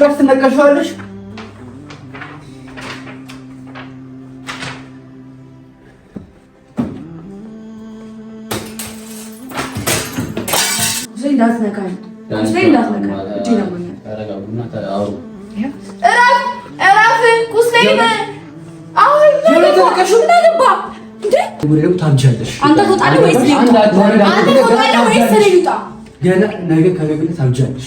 Raz na kasolus. እንዳትነካኝ እጄ እንዳትነካኝ እጄ ነካኝ። እረፍ እረፍ፣ ቁስሌን አሁን ተቀሹ ምናገባ እንዴ? ታብጃለሽ። አንተ ትወጣለህ ወይስ አንተ ትወጣለህ ወይስ እኔ ልውጣ? ገና ነገ ከነገ ታብጃለሽ።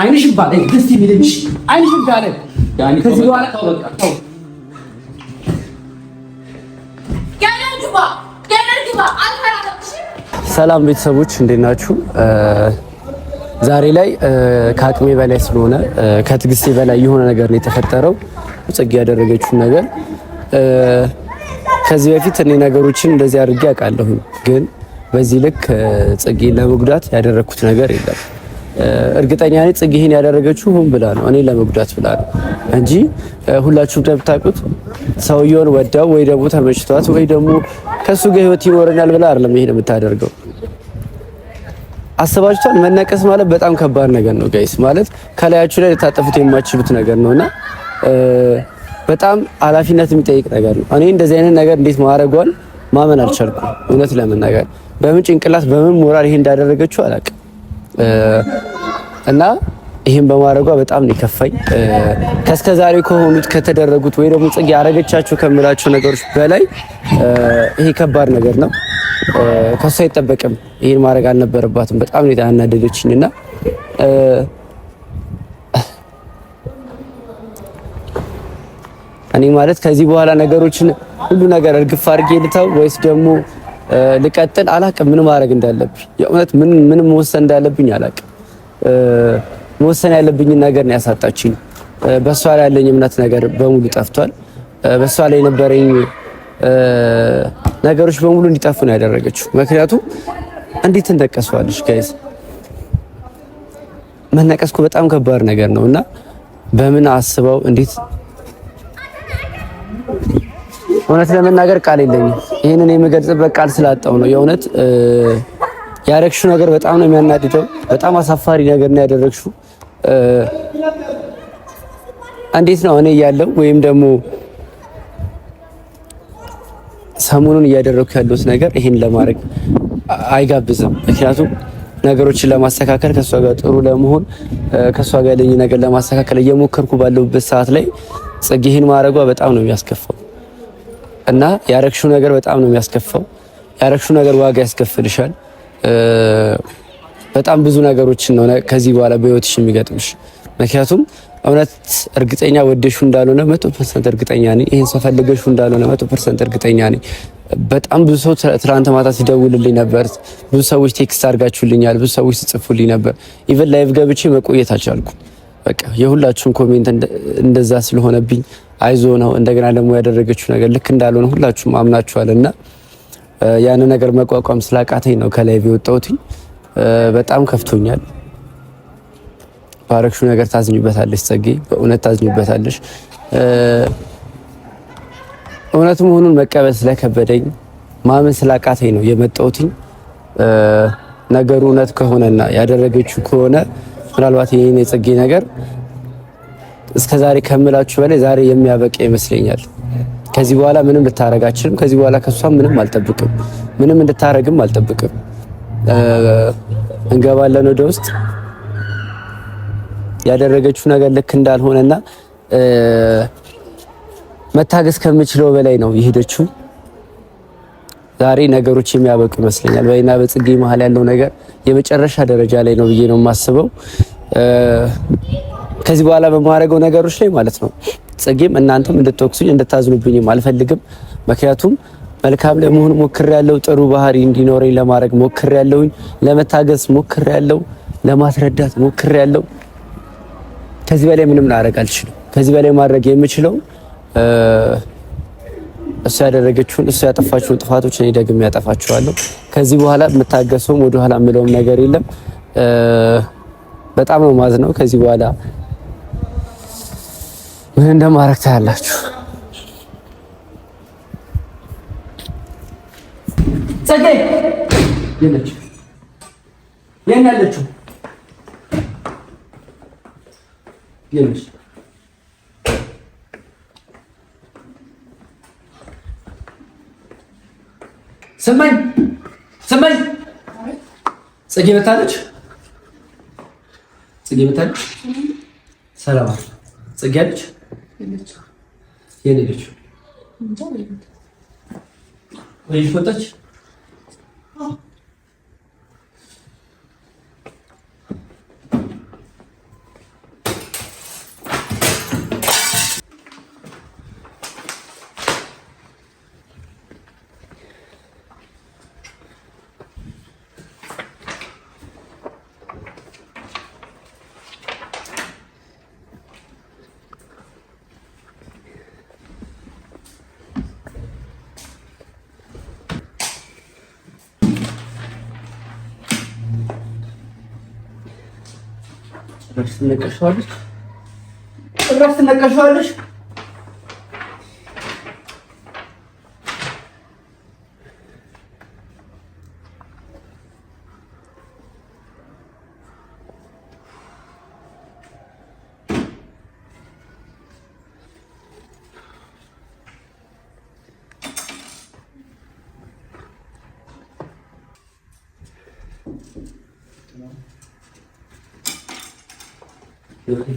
አይንሽ ባለ ደስ የሚልሽ አይንሽ ይባላል። ከዚህ በኋላ ሰላም ቤተሰቦች እንዴት ናችሁ? ዛሬ ላይ ከአቅሜ በላይ ስለሆነ ከትግስቴ በላይ የሆነ ነገር ነው የተፈጠረው። ጽጌ ያደረገችውን ነገር ከዚህ በፊት እኔ ነገሮችን እንደዚህ አድርጌ አውቃለሁ፣ ግን በዚህ ልክ ጽጌ ለመጉዳት ያደረግኩት ነገር የለም። እርግጠኛ ነኝ ጽጌ ይሄን ያደረገችው ሁን ብላ ነው፣ እኔ ለመጉዳት ብላ ነው እንጂ ሁላችሁም እንደምታውቁት ሰውየውን ወዳው ወይ ደግሞ ተመችቷት ወይ ደግሞ ከሱ ጋር ህይወት ይኖረናል ብላ አይደለም ይሄን የምታደርገው። አስባችሁታል? መነቀስ ማለት በጣም ከባድ ነገር ነው ጋይስ። ማለት ከላያችሁ ላይ ልታጠፉት የማችሉት ነገር ነውና በጣም ኃላፊነት የሚጠይቅ ነገር ነው። እኔ እንደዚህ አይነት ነገር እንዴት ማድረጓን ማመን አልቻልኩም። እውነት ለመናገር በምን ጭንቅላት በምን ሞራል ይሄን እንዳደረገችው አላውቅም። እና ይህም በማድረጓ በጣም ይከፋኝ። ከእስከ ዛሬ ከሆኑት ከተደረጉት ወይ ደግሞ ጽጌ ያረገቻችሁ ከምላችሁ ነገሮች በላይ ይሄ ከባድ ነገር ነው። ከሱ አይጠበቅም። ይህን ማድረግ አልነበረባትም። በጣም ነው ያናደደችኝ እና እኔ ማለት ከዚህ በኋላ ነገሮችን ሁሉ ነገር እርግፍ አድርጌ ልተው ወይስ ደግሞ ልቀጥል አላቅም። ምን ማድረግ እንዳለብኝ የእውነት ምን ምን መወሰን እንዳለብኝ አላቅም። መወሰን ያለብኝን ነገር ነው ያሳጣችኝ። በሷ ላይ ያለኝ እምነት ነገር በሙሉ ጠፍቷል። በሷ ላይ የነበረኝ ነገሮች በሙሉ እንዲጠፉ ነው ያደረገችው። ምክንያቱም እንዴት ትነቀሷለች ጋይስ? መነቀስኩ በጣም ከባድ ነገር ነው እና በምን አስበው እንዴት እውነት ለመናገር ቃል የለኝም። ይህንን የምገልጽበት ቃል ስላጣው ነው። የእውነት ያደረግሽው ነገር በጣም ነው የሚያናድደው። በጣም አሳፋሪ ነገር ነው ያደረግሽው። እንዴት ነው እኔ እያለው ወይም ደግሞ ሰሞኑን እያደረግኩ ያለሁት ነገር ይሄን ለማድረግ አይጋብዝም። ምክንያቱም ነገሮችን ለማስተካከል ከእሷ ጋር ጥሩ ለመሆን ከእሷ ጋር ያለኝ ነገር ለማስተካከል እየሞከርኩ ባለሁበት ሰዓት ላይ ጽጌ ይህን ማድረጓ በጣም ነው የሚያስከፋው። እና ያረግሽው ነገር በጣም ነው የሚያስከፋው። ያረግሽው ነገር ዋጋ ያስከፍልሻል። በጣም ብዙ ነገሮችን ነው ከዚህ በኋላ በህይወትሽ የሚገጥምሽ። ምክንያቱም እውነት እርግጠኛ ወደሹ እንዳልሆነ መቶ ፐርሰንት እርግጠኛ ነኝ። ይህን ሰው ፈልገሹ እንዳልሆነ መቶ ፐርሰንት እርግጠኛ ነኝ። በጣም ብዙ ሰው ትናንት ማታ ሲደውልልኝ ነበር። ብዙ ሰዎች ቴክስት አድርጋችሁልኛል። ብዙ ሰዎች ሲጽፉልኝ ነበር። ኢቨን ላይቭ ገብቼ መቆየት አልቻልኩም። በቃ የሁላችሁን ኮሜንት እንደዛ ስለሆነብኝ አይዞ ነው እንደገና ደግሞ ያደረገችው ነገር ልክ እንዳልሆነ ሁላችሁም አምናችኋል እና ያን ነገር መቋቋም ስላቃተኝ ነው ከላይ የወጣሁት። በጣም ከፍቶኛል። ባረክሹ ነገር ታዝኝበታለች፣ ጸጌ በእውነት ታዝኝበታለች። እውነት መሆኑን መቀበል ስለከበደኝ ማመን ስላቃተኝ ነው የመጣውትኝ ነገሩ እውነት ከሆነና ያደረገችው ከሆነ ምናልባት ይህን የጸጌ ነገር እስከ ዛሬ ከምላችሁ በላይ ዛሬ የሚያበቃ ይመስለኛል። ከዚህ በኋላ ምንም ልታረግ አችልም። ከዚህ በኋላ ከሷ ምንም አልጠብቅም፣ ምንም እንድታረግም አልጠብቅም። እንገባለን ወደ ውስጥ ያደረገችው ነገር ልክ እንዳልሆነና መታገስ ከምችለው በላይ ነው የሄደችው። ዛሬ ነገሮች የሚያበቁ ይመስለኛል። በእኔና በጽጌ መሀል ያለው ነገር የመጨረሻ ደረጃ ላይ ነው ብዬ ነው የማስበው። ከዚህ በኋላ በማረገው ነገሮች ላይ ማለት ነው ጽጌም እናንተም እንድትወቅሱኝ እንድታዝኑብኝም አልፈልግም። ምክንያቱም መልካም ለመሆን ያለው ጥሩ ባህሪ እንዲኖረኝ ለማድረግ ያለውኝ ለመታገስ ያለው ለማስረዳት ሞክር ያለው ከዚህ በላይ ምንም ላደርግ አልችልም። ከዚህ በላይ ማድረግ የምችለው እሱ ያደረገችውን እሱ ያጠፋችውን ጥፋቶች እኔ ደግሜ ያጠፋችኋለሁ። ከዚህ በኋላ የምታገሰውም ወደኋላ የምለውም ነገር የለም። በጣም ነው ማዝ ነው ከዚህ በኋላ ምን እንደማረግ ታያላችሁ። ስመኝ ስመኝ ጽጌ መታለች። ጽጌ መታለች። ሰላም ጽጌ አለች። የኔ ልጅ ወይሽ ወጣች ትነቀሻለሽ፣ ጭራሽ ትነቀሻለሽ። አሳይኝ፣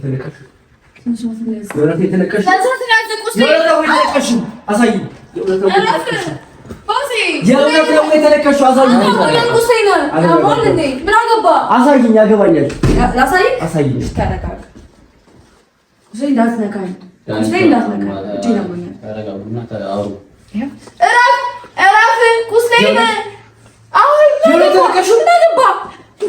ያገባኛል። አገባ እንዳትነካኝ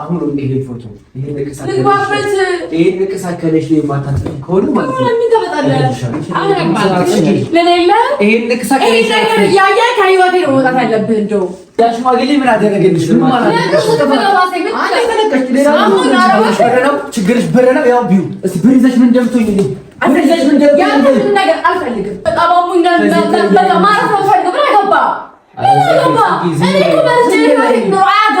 አሁን ይሄ ፎቶ ይሄ ንቅሳ ከነሽ ነው ከሆነ ማለት ነው። ምን ታመጣለህ? ከህይወቴ ነው መውጣት ነው። ያው ቢዩ እስቲ ምን ነገር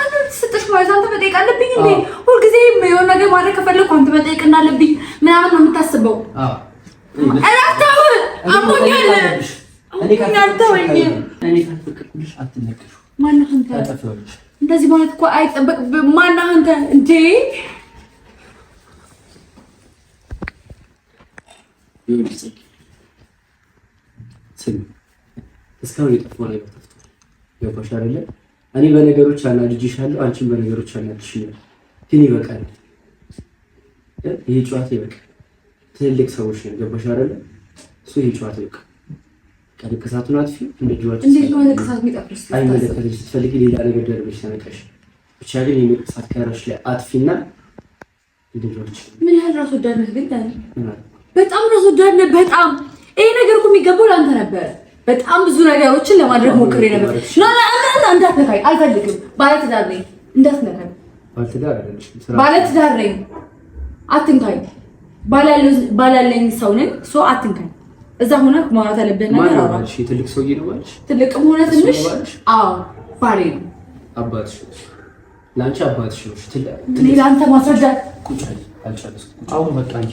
አንዱ ተሰጠሽ ማለት አንተ መጠየቅ አለብኝ እንዴ? ሁልጊዜ የሆነ ነገር ማድረግ ከፈለኩ አንተ መጠየቅ እንዳለብኝ ምናምን ነው የምታስበው። እንደዚህ ማለት እኮ አይጠበቅብህም። ማነህ አንተ እንዴ? እስካሁን የጠፋው ነገር ተፍቶ ገባሽ አይደለ? እኔ በነገሮች አናድጅሻለሁ፣ አንቺም በነገሮች አናድጅሻለሁ። ግን ይበቃል፣ ይሄ ጨዋታ ይበቃል። ትልልቅ ሰዎች ነው፣ ገባሽ አይደለ? እሱ ይሄ ጨዋታ ይበቃል። ንቅሳቱን አጥፊ አይመለከተሽ። ስትፈልጊ ሌላ ነገር ደርበሽ ተነቀሽ። ብቻ ግን ይህ ንቅሳት ላይ አጥፊና ልጆች ምን ያህል ራስ ወዳድ ነህ! ግን በጣም ራስ ወዳድ ነህ። በጣም ይሄ ነገር እኮ የሚገባው ለአንተ ነበረ በጣም ብዙ ነገሮችን ለማድረግ ሞክሬ ነበር። እንዳትነካኝ አልፈልግም። ባለትዳር ነኝ፣ እንዳትነካኝ። ባለትዳር ነኝ፣ አትንካኝ። ባላለኝ ሰው ነኝ፣ አትንካኝ። እዛ ሆነ ማውራት አለብን ነገር ትልቅ ሰውዬ ነው ትልቅም ሆነ ትንሽ። አዎ ባሌ ነው፣ አባትሽ ለአንቺ አባትሽ ነው። ለአንተ ማስረዳት አልቻለሁ። አሁን በቃ አንቺ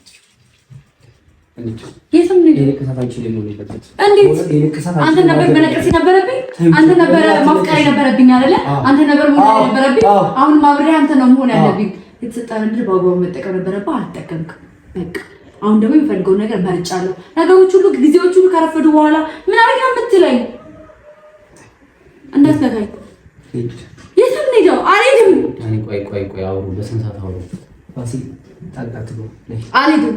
የትም አንተ ነበር መነቀስ የነበረብኝ፣ አንተ ማፍቀር የነበረብኝ አይደለ? አንተ ነበር መሆን የነበረብኝ። አሁን ማብሪያ አንተ ነው መሆን ያለብኝ። የተሰጠህን ዕድል በአግባቡ መጠቀም ነበረብህ፣ አልጠቀምክም። በቃ አሁን ደግሞ የሚፈልገውን ነገር መርጫለሁ። ነገሮች ሁሉ፣ ጊዜዎች ሁሉ ከረፈዱ በኋላ ምን አድርጋ የምትለኝ እንዳትነካኝ። የትም እንሄደው አልሄድም። ቆይ ቆይ ቆይ፣ አውሩ በስንት ሰዓት አውሩ። አልሄድም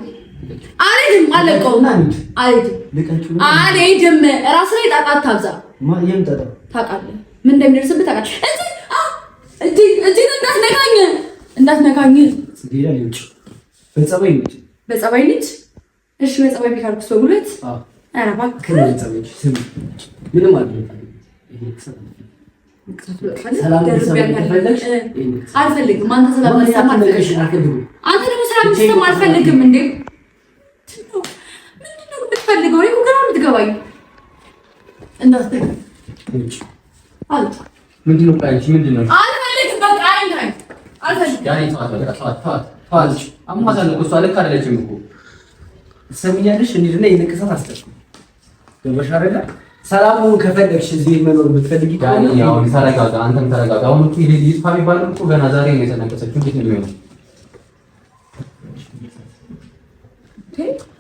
አልሄድም። አለቀውም። አልሄድም። አልሄድም። እራስህ ላይ ጣጣ አታብዛ። ምን እንደሚደርስብህ ታውቃለህ። እንዳትነካኝ እንዳትነካኝ። በፀባይ ልጅ እሺ፣ በፀባይ ቢካልኩስ በጉልበት አልፈልግም። አንተ ሰላም አልፈልግም። እንዴ የምትፈልገው ነው ግን የምትገባኝ እንዳትገኝ ሰላሙን ከፈለግሽ እዚህ መኖር ብትፈልጊ ተረጋጋ። አንተም ተረጋጋ። አሁን ከሚባል ገና ዛሬ ነው የተነቀሰችው። እንዴት ነው የሚሆነው?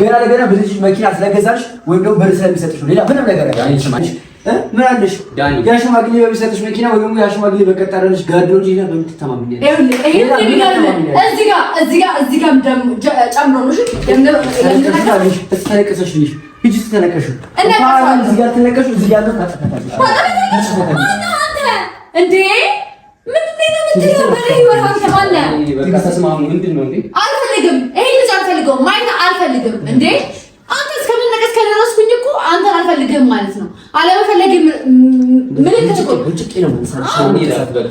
ገና ለገና በዚህ መኪና ስለገዛሽ ወይም ደግሞ ብር ስለሚሰጥሽ ነው። ሌላ ምንም ነገር ምን አለሽ? ያ ሽማግሌ በሚሰጥሽ መኪና ወይ ደግሞ ያ ሽማግሌ በቀጠረልሽ ጋዶ እንጂ ሌላ በምን ትተማመኛለሽ? እዚህ ጋር እዚህ ጋር አልፈልገውም ማየት አልፈልግም። እንዴ አንተ እስከምነቀስ ከደረስኩኝ እኮ አንተ አልፈልግም ማለት ነው። አለመፈለግ ምልክት ነው። ውጭቄ ነው እያሳመምከኝ አያገባኝም እስከ ድረስ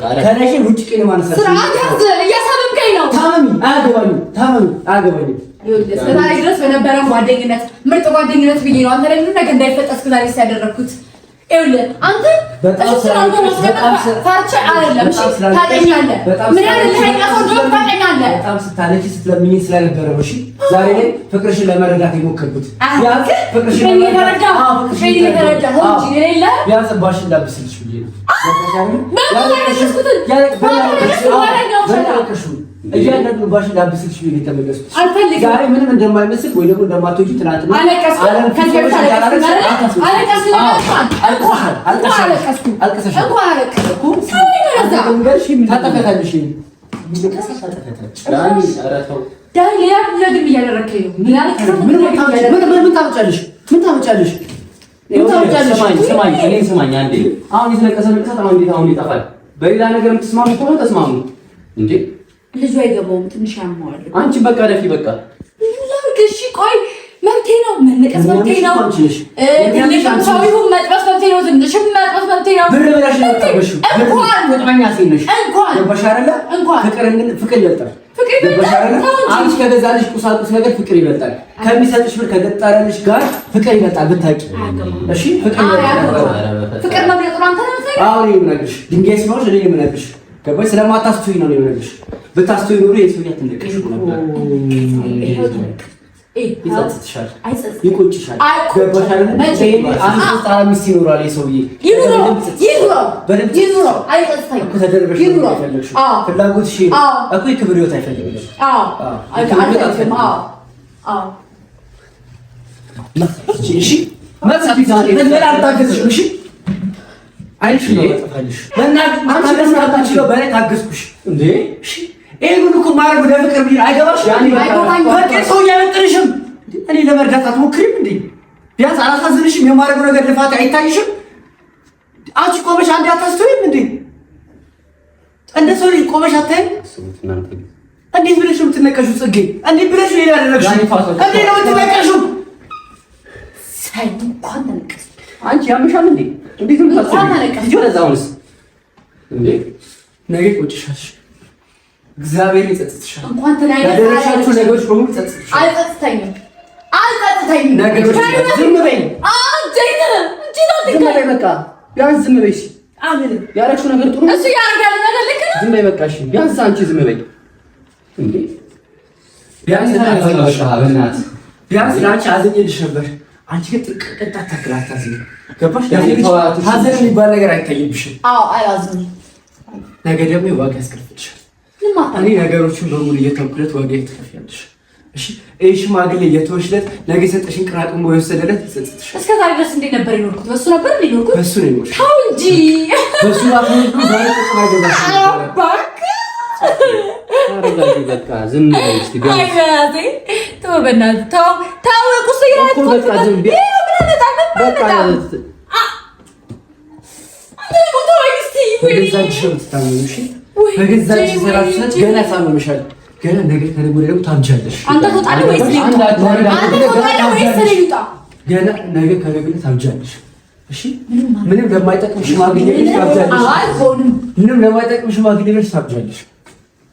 ጓደኝነት ምርጥ ጓደኝነት ብዬ ነው አንተ ለምን ነገር እንዳይፈጠር እስከ ይኸውልህ አንተ በጣም ስላንተ ነው ፈርቼ አይደለም። እሺ ታውቀኛለህ፣ ምን ያደረግኸኝ ሰው እንደሆነ ታውቀኛለህ። በጣም ስታለች ስትለምኝ ስለነበረ ነው። እሺ ዛሬ ላይ ፍቅርሽን ለመረዳት የሞከርኩት ፍቅርሽን ለመረዳት የሌለ ቢያንስ ባሽ እንዳብስልሽ ብዬሽ ነው። እያንዳንዱ ባሽ ላብስልሽ ብዬሽ የተመለስኩት አልፈልግም። ዛሬ ምንም እንደማይመስል ወይ ደግሞ እንደማትወጂ ትናንት ነው አለቀስኩ። አሁን የተለቀሰ ልቅሰት አሁን ይጠፋል። በሌላ ነገር የምትስማሙ ተስማሙ እንዴ ልጁ አይገባውም። ትንሽ ያመዋል። አንቺ በቃ ደፊ በቃ እሺ፣ ቆይ መብቴ ነው። መነቀስ መብቴ ነው። ትንሽም መጥበስ መብቴ ነው። ትንሽም መጥበስ መብቴ ነው። ብር ብለሽ እንኳን ወጥመኛ ሴት ነሽ። እንኳን ገባሽ አይደለ? እንኳን ፍቅር ግን ፍቅር ይበልጣል። አንቺ ከገዛልሽ ቁሳቁስ ነገር ፍቅር ይበልጣል። ከሚሰጥሽ ብር ከገጠረልሽ ጋር ፍቅር ይበልጣል። ብታውቂ እሺ፣ ፍቅር ይበልጣል። ፍቅር መብለጥ ነው። አንተ ነው የምነግርሽ። ድንጋይ ሲኖርሽ እኔ የምነግርሽ ገባሽ? ስለማታስተውይ ነው የምነግርሽ። ብታስተውይ ኖሮ የሰው ልጅ አትነቅሽ ይቆጭሻል። አይሽ ነው አጠፋልሽ ሰው እያበጥንሽም እኔ ለመርዳት አትሞክሪም እንዴ? ቢያንስ አላሳዝንሽም? የማድረግ ነገር ልፋት አይታይሽም? አንቺ ቆመሽ አንዴ አታስተውይም እንዴ? እንደ ሰው ልጅ ቆመሽ አታይም? እንዴት ብለሽ ነው የምትነቀሹ? ጽጌ እንዴት ብለሽ ነው ያደረግሽው? እንዴት ነው የምትነቀሹ? ሳይ እንኳን ተነቀሱ አንቺ ያምሻል እንዴ? እንዴት ነው ታስቢ? እንዴ? ነገ ይቆጭሻል። እግዚአብሔር ይጸጽትሻል። እንኳን ያደረግሻቸው ነገሮች በሙሉ ይጸጽትሻል። አይጸጽተኝም፣ አይጸጽተኝም ነገሮች ዝም በይ። በቃ ቢያንስ ዝም በይ። ያደረግሽው ነገር ጥሩ እሱ ያረጋል ነገር ልክ ነው። ዝም በይ በቃ እሺ። ቢያንስ አንቺ ዝም በይ እንዴ! ቢያንስ ቢያንስ ለአንቺ አዝኜልሽ ነበር አንቺ ግን ጥቅቅት አታክል አታዝኝ። ገባሽ? ሀዘን የሚባል ነገር አይታይብሽም። ነገ ደግሞ ዋጋ ያስከፍልሻል። እኔ ነገሮችን በሙሉ እየተውኩለት ዋጋ ትከፍያለሽ። ይህ ሽማግሌ እየተወሽለት ነገ የሰጠሽን ወይ ወሰደለት ይሰጥሽ። እስከዛሬ ድረስ እንዴት ነበር የኖርኩት? በሱ ነበር የኖርኩት። በሱ ነው የኖርኩት። ተው እንጂ በሱ አረጋጁ ምንም ለማይጠቅም ሽማግሌ ታብጃለሽ።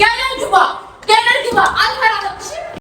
Gel lan Cuba. Gel lan Cuba. Al